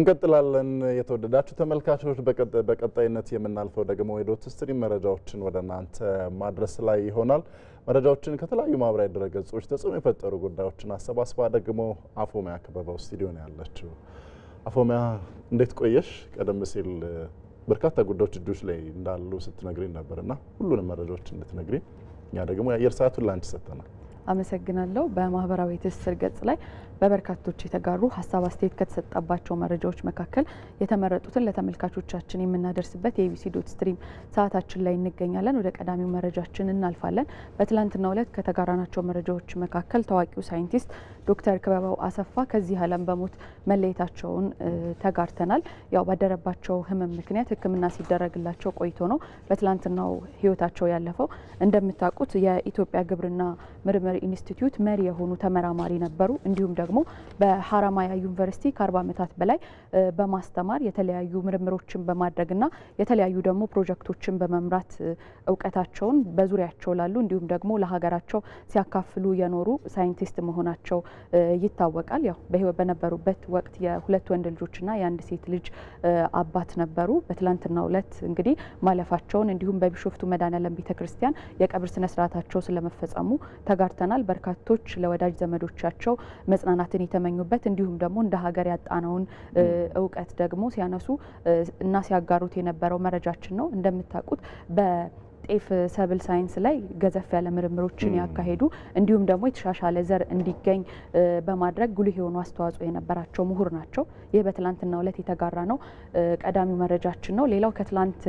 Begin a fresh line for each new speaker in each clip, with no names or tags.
እንቀጥላለን። የተወደዳችሁ ተመልካቾች፣ በቀጣይነት የምናልፈው ደግሞ የዶት ስትሪም መረጃዎችን ወደ እናንተ ማድረስ ላይ ይሆናል። መረጃዎችን ከተለያዩ ማህበራዊ ድረገጾች ተጽዕኖ የፈጠሩ ጉዳዮችን አሰባስባ ደግሞ አፎሚያ ከበባው ስቱዲዮ ነው ያለችው። አፎሚያ እንዴት ቆየሽ? ቀደም ሲል በርካታ ጉዳዮች እጆች ላይ እንዳሉ ስትነግሪን እና ሁሉንም መረጃዎች እንድትነግሪን እኛ ደግሞ የአየር ሰዓቱን ላንቺ ሰጥተናል።
አመሰግናለሁ። በማህበራዊ ትስስር ገጽ ላይ በበርካቶች የተጋሩ ሀሳብ አስተያየት ከተሰጠባቸው መረጃዎች መካከል የተመረጡትን ለተመልካቾቻችን የምናደርስበት የኢቢሲ ዶት ስትሪም ሰዓታችን ላይ እንገኛለን። ወደ ቀዳሚው መረጃችን እናልፋለን። በትላንትናው ዕለት ከተጋራናቸው መረጃዎች መካከል ታዋቂው ሳይንቲስት ዶክተር ክበበው አሰፋ ከዚህ ዓለም በሞት መለየታቸውን ተጋርተናል። ያው ባደረባቸው ህመም ምክንያት ሕክምና ሲደረግላቸው ቆይቶ ነው በትላንትናው ህይወታቸው ያለፈው። እንደምታውቁት የኢትዮጵያ ግብርና ምርምር ኢንስቲትዩት መሪ የሆኑ ተመራማሪ ነበሩ። እንዲሁም ደግሞ ደግሞ በሀረማያ ዩኒቨርሲቲ ከአርባ ዓመታት በላይ በማስተማር የተለያዩ ምርምሮችን በማድረግና የተለያዩ ደግሞ ፕሮጀክቶችን በመምራት እውቀታቸውን በዙሪያቸው ላሉ እንዲሁም ደግሞ ለሀገራቸው ሲያካፍሉ የኖሩ ሳይንቲስት መሆናቸው ይታወቃል። ያው በህይወት በነበሩበት ወቅት የሁለት ወንድ ልጆችና የአንድ ሴት ልጅ አባት ነበሩ። በትላንትናው ዕለት እንግዲህ ማለፋቸውን እንዲሁም በቢሾፍቱ መድኃኔዓለም ቤተክርስቲያን የቀብር ስነስርዓታቸው ስለመፈጸሙ ተጋርተናል። በርካቶች ለወዳጅ ዘመዶቻቸው መጽናናት መጽናናትን የተመኙበት እንዲሁም ደግሞ እንደ ሀገር ያጣነውን እውቀት ደግሞ ሲያነሱ እና ሲያጋሩት የነበረው መረጃችን ነው። እንደምታውቁት ጤፍ ሰብል ሳይንስ ላይ ገዘፍ ያለ ምርምሮችን ያካሄዱ እንዲሁም ደግሞ የተሻሻለ ዘር እንዲገኝ በማድረግ ጉልህ የሆኑ አስተዋጽኦ የነበራቸው ምሁር ናቸው። ይህ በትላንትና ዕለት የተጋራ ነው፣ ቀዳሚው መረጃችን ነው። ሌላው ከትላንት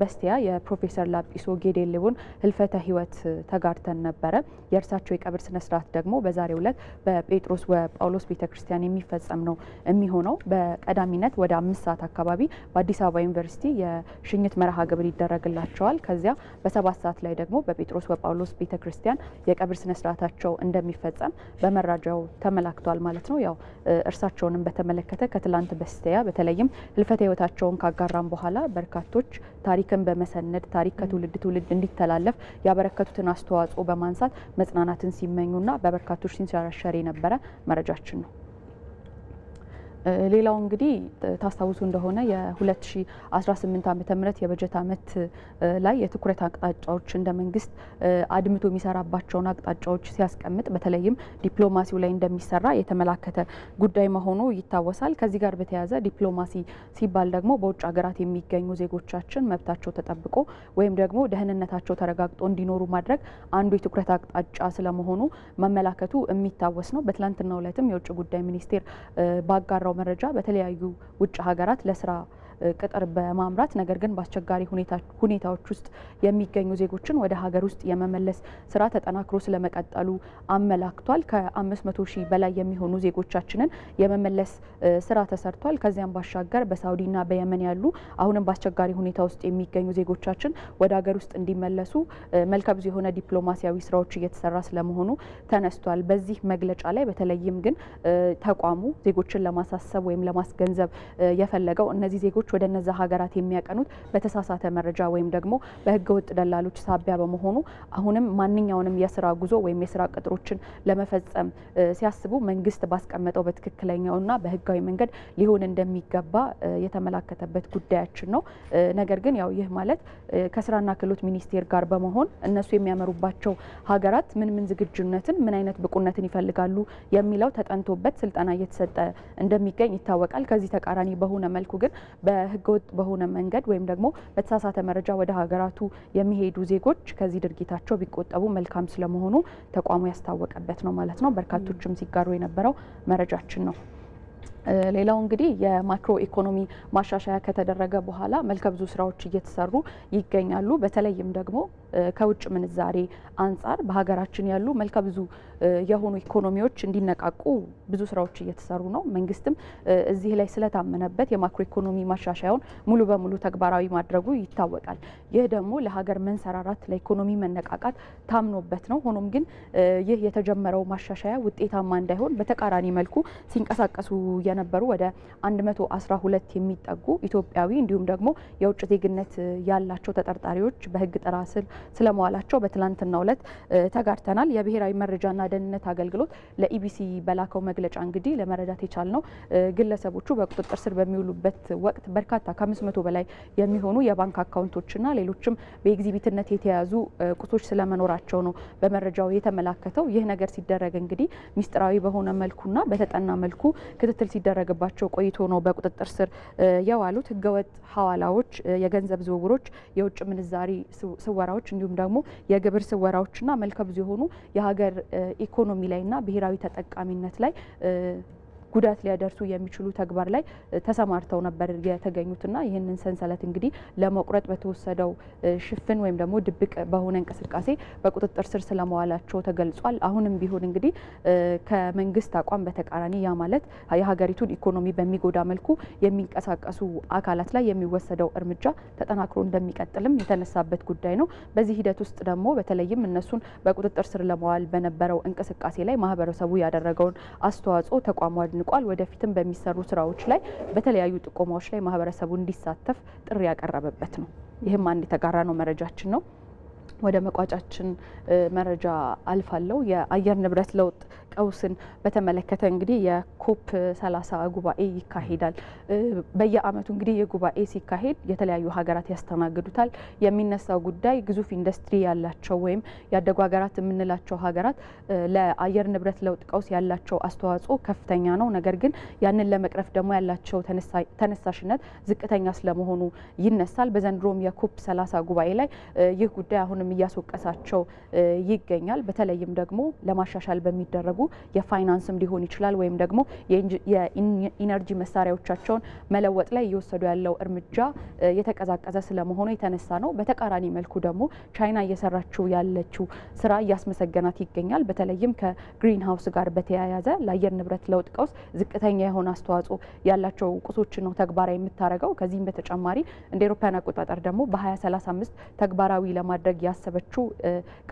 በስቲያ የፕሮፌሰር ላጲሶ ጌዴሌቦን ህልፈተ ህይወት ተጋርተን ነበረ። የእርሳቸው የቀብር ስነ ስርዓት ደግሞ በዛሬው ዕለት በጴጥሮስ ወጳውሎስ ቤተ ክርስቲያን የሚፈጸም ነው የሚሆነው። በቀዳሚነት ወደ አምስት ሰዓት አካባቢ በአዲስ አበባ ዩኒቨርሲቲ የሽኝት መርሃ ግብር ይደረግላቸዋል። ከዚያ በሰባት ሰዓት ላይ ደግሞ በጴጥሮስ ወጳውሎስ ቤተ ክርስቲያን የቀብር ስነ ስርዓታቸው እንደሚፈጸም በመረጃው ተመላክቷል ማለት ነው። ያው እርሳቸውንም በተመለከተ ከትላንት በስቲያ በተለይም ህልፈተ ህይወታቸውን ካጋራም በኋላ በርካቶች ታሪክን በመሰነድ ታሪክ ከትውልድ ትውልድ እንዲተላለፍ ያበረከቱትን አስተዋጽኦ በማንሳት መጽናናትን ሲመኙና በበርካቶች ሲንሸራሸር የነበረ መረጃችን ነው። ሌላው እንግዲህ ታስታውሱ እንደሆነ የ2018 ዓ ም የበጀት ዓመት ላይ የትኩረት አቅጣጫዎች እንደ መንግስት አድምቶ የሚሰራባቸውን አቅጣጫዎች ሲያስቀምጥ በተለይም ዲፕሎማሲው ላይ እንደሚሰራ የተመላከተ ጉዳይ መሆኑ ይታወሳል። ከዚህ ጋር በተያያዘ ዲፕሎማሲ ሲባል ደግሞ በውጭ ሀገራት የሚገኙ ዜጎቻችን መብታቸው ተጠብቆ ወይም ደግሞ ደህንነታቸው ተረጋግጦ እንዲኖሩ ማድረግ አንዱ የትኩረት አቅጣጫ ስለመሆኑ መመላከቱ የሚታወስ ነው። በትላንትናው ዕለትም የውጭ ጉዳይ ሚኒስቴር ባጋራ መረጃ በተለያዩ ውጭ ሀገራት ለስራ ቅጥር በማምራት ነገር ግን በአስቸጋሪ ሁኔታዎች ውስጥ የሚገኙ ዜጎችን ወደ ሀገር ውስጥ የመመለስ ስራ ተጠናክሮ ስለመቀጠሉ አመላክቷል። ከ500 ሺህ በላይ የሚሆኑ ዜጎቻችንን የመመለስ ስራ ተሰርቷል። ከዚያም ባሻገር በሳውዲና በየመን ያሉ አሁንም በአስቸጋሪ ሁኔታ ውስጥ የሚገኙ ዜጎቻችን ወደ ሀገር ውስጥ እንዲመለሱ መልከ ብዙ የሆነ ዲፕሎማሲያዊ ስራዎች እየተሰራ ስለመሆኑ ተነስቷል። በዚህ መግለጫ ላይ በተለይም ግን ተቋሙ ዜጎችን ለማሳሰብ ወይም ለማስገንዘብ የፈለገው እነዚህ ዜጎች ወደ እነዛ ሀገራት የሚያቀኑት በተሳሳተ መረጃ ወይም ደግሞ በህገ ወጥ ደላሎች ሳቢያ በመሆኑ አሁንም ማንኛውንም የስራ ጉዞ ወይም የስራ ቅጥሮችን ለመፈጸም ሲያስቡ መንግስት ባስቀመጠው በትክክለኛውና በህጋዊ መንገድ ሊሆን እንደሚገባ የተመላከተበት ጉዳያችን ነው። ነገር ግን ያው ይህ ማለት ከስራና ክህሎት ሚኒስቴር ጋር በመሆን እነሱ የሚያመሩባቸው ሀገራት ምን ምን ዝግጁነትን ምን አይነት ብቁነትን ይፈልጋሉ የሚለው ተጠንቶበት ስልጠና እየተሰጠ እንደሚገኝ ይታወቃል። ከዚህ ተቃራኒ በሆነ መልኩ ግን በ በህገወጥ በሆነ መንገድ ወይም ደግሞ በተሳሳተ መረጃ ወደ ሀገራቱ የሚሄዱ ዜጎች ከዚህ ድርጊታቸው ቢቆጠቡ መልካም ስለመሆኑ ተቋሙ ያስታወቀበት ነው ማለት ነው። በርካቶችም ሲጋሩ የነበረው መረጃችን ነው። ሌላው እንግዲህ የማክሮ ኢኮኖሚ ማሻሻያ ከተደረገ በኋላ መልከ ብዙ ስራዎች እየተሰሩ ይገኛሉ። በተለይም ደግሞ ከውጭ ምንዛሬ አንጻር በሀገራችን ያሉ መልከ ብዙ የሆኑ ኢኮኖሚዎች እንዲነቃቁ ብዙ ስራዎች እየተሰሩ ነው። መንግስትም እዚህ ላይ ስለታመነበት የማክሮ ኢኮኖሚ ማሻሻያውን ሙሉ በሙሉ ተግባራዊ ማድረጉ ይታወቃል። ይህ ደግሞ ለሀገር መንሰራራት፣ ለኢኮኖሚ መነቃቃት ታምኖበት ነው። ሆኖም ግን ይህ የተጀመረው ማሻሻያ ውጤታማ እንዳይሆን በተቃራኒ መልኩ ሲንቀሳቀሱ የነበሩ ወደ 112 የሚጠጉ ኢትዮጵያዊ እንዲሁም ደግሞ የውጭ ዜግነት ያላቸው ተጠርጣሪዎች በህግ ጥራ ስር ስለመዋላቸው በትላንትናው ዕለት ተጋርተናል። የብሔራዊ መረጃና ደህንነት አገልግሎት ለኢቢሲ በላከው መግለጫ እንግዲህ ለመረዳት የቻልነው ግለሰቦቹ በቁጥጥር ስር በሚውሉበት ወቅት በርካታ ከአምስት መቶ በላይ የሚሆኑ የባንክ አካውንቶችና ሌሎችም በኤግዚቢትነት የተያዙ ቁሶች ስለመኖራቸው ነው በመረጃው የተመላከተው። ይህ ነገር ሲደረግ እንግዲህ ሚስጥራዊ በሆነ መልኩና በተጠና መልኩ ክትትል ሲደረግባቸው ቆይቶ ነው በቁጥጥር ስር የዋሉት። ህገወጥ ሀዋላዎች፣ የገንዘብ ዝውውሮች፣ የውጭ ምንዛሪ ስወራዎች እንዲሁም ደግሞ የግብር ስወራዎችና መልከ ብዙ የሆኑ የሀገር ኢኮኖሚ ላይና ብሔራዊ ተጠቃሚነት ላይ ጉዳት ሊያደርሱ የሚችሉ ተግባር ላይ ተሰማርተው ነበር የተገኙትና ይህንን ሰንሰለት እንግዲህ ለመቁረጥ በተወሰደው ሽፍን ወይም ደግሞ ድብቅ በሆነ እንቅስቃሴ በቁጥጥር ስር ስለመዋላቸው ተገልጿል። አሁንም ቢሆን እንግዲህ ከመንግስት አቋም በተቃራኒ ያ ማለት የሀገሪቱን ኢኮኖሚ በሚጎዳ መልኩ የሚንቀሳቀሱ አካላት ላይ የሚወሰደው እርምጃ ተጠናክሮ እንደሚቀጥልም የተነሳበት ጉዳይ ነው። በዚህ ሂደት ውስጥ ደግሞ በተለይም እነሱን በቁጥጥር ስር ለመዋል በነበረው እንቅስቃሴ ላይ ማህበረሰቡ ያደረገውን አስተዋጽኦ ተቋሟል አድንቋል። ወደፊትም በሚሰሩ ስራዎች ላይ በተለያዩ ጥቆማዎች ላይ ማህበረሰቡ እንዲሳተፍ ጥሪ ያቀረበበት ነው። ይህም አንድ የተጋራ ነው መረጃችን ነው። ወደ መቋጫችን መረጃ አልፋለሁ። የአየር ንብረት ለውጥ ቀውስን በተመለከተ እንግዲህ የኮፕ 30 ጉባኤ ይካሄዳል። በየአመቱ እንግዲህ የጉባኤ ሲካሄድ የተለያዩ ሀገራት ያስተናግዱታል። የሚነሳው ጉዳይ ግዙፍ ኢንዱስትሪ ያላቸው ወይም ያደጉ ሀገራት የምንላቸው ሀገራት ለአየር ንብረት ለውጥ ቀውስ ያላቸው አስተዋጽኦ ከፍተኛ ነው። ነገር ግን ያንን ለመቅረፍ ደግሞ ያላቸው ተነሳሽነት ዝቅተኛ ስለመሆኑ ይነሳል። በዘንድሮም የኮፕ 30 ጉባኤ ላይ ይህ ጉዳይ አሁንም እያስወቀሳቸው ይገኛል። በተለይም ደግሞ ለማሻሻል በሚደረጉ የፋይናንስም ሊሆን ይችላል ወይም ደግሞ የኢነርጂ መሳሪያዎቻቸውን መለወጥ ላይ እየወሰዱ ያለው እርምጃ የተቀዛቀዘ ስለመሆኑ የተነሳ ነው። በተቃራኒ መልኩ ደግሞ ቻይና እየሰራችው ያለችው ስራ እያስመሰገናት ይገኛል። በተለይም ከግሪን ሀውስ ጋር በተያያዘ ለአየር ንብረት ለውጥ ቀውስ ዝቅተኛ የሆነ አስተዋጽኦ ያላቸው ቁሶችን ነው ተግባራዊ የምታደርገው። ከዚህም በተጨማሪ እንደ ኤሮፓያን አቆጣጠር ደግሞ በ2035 ተግባራዊ ለማድረግ ያስ ያሰበችው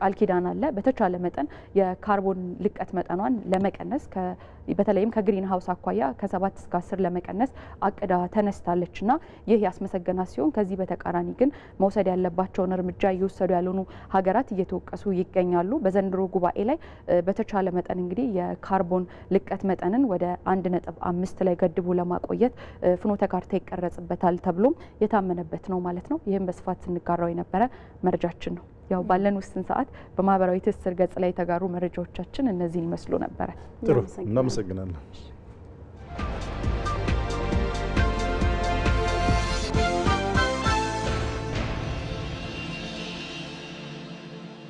ቃል ኪዳን አለ። በተቻለ መጠን የካርቦን ልቀት መጠኗን ለመቀነስ በተለይም ከግሪን ሀውስ አኳያ ከሰባት እስከ አስር ለመቀነስ አቅዳ ተነስታለች ና ይህ ያስመሰገና ሲሆን ከዚህ በተቃራኒ ግን መውሰድ ያለባቸውን እርምጃ እየወሰዱ ያልሆኑ ሀገራት እየተወቀሱ ይገኛሉ። በዘንድሮ ጉባኤ ላይ በተቻለ መጠን እንግዲህ የካርቦን ልቀት መጠንን ወደ አንድ ነጥብ አምስት ላይ ገድቦ ለማቆየት ፍኖተ ካርታ ይቀረጽበታል ተብሎም የታመነበት ነው ማለት ነው። ይህም በስፋት ስንጋራው የነበረ መረጃችን ነው። ያው ባለን ውስን ሰዓት በማህበራዊ ትስስር ገጽ ላይ የተጋሩ መረጃዎቻችን እነዚህን ይመስሉ ነበረ።
ጥሩ እናመሰግናለን።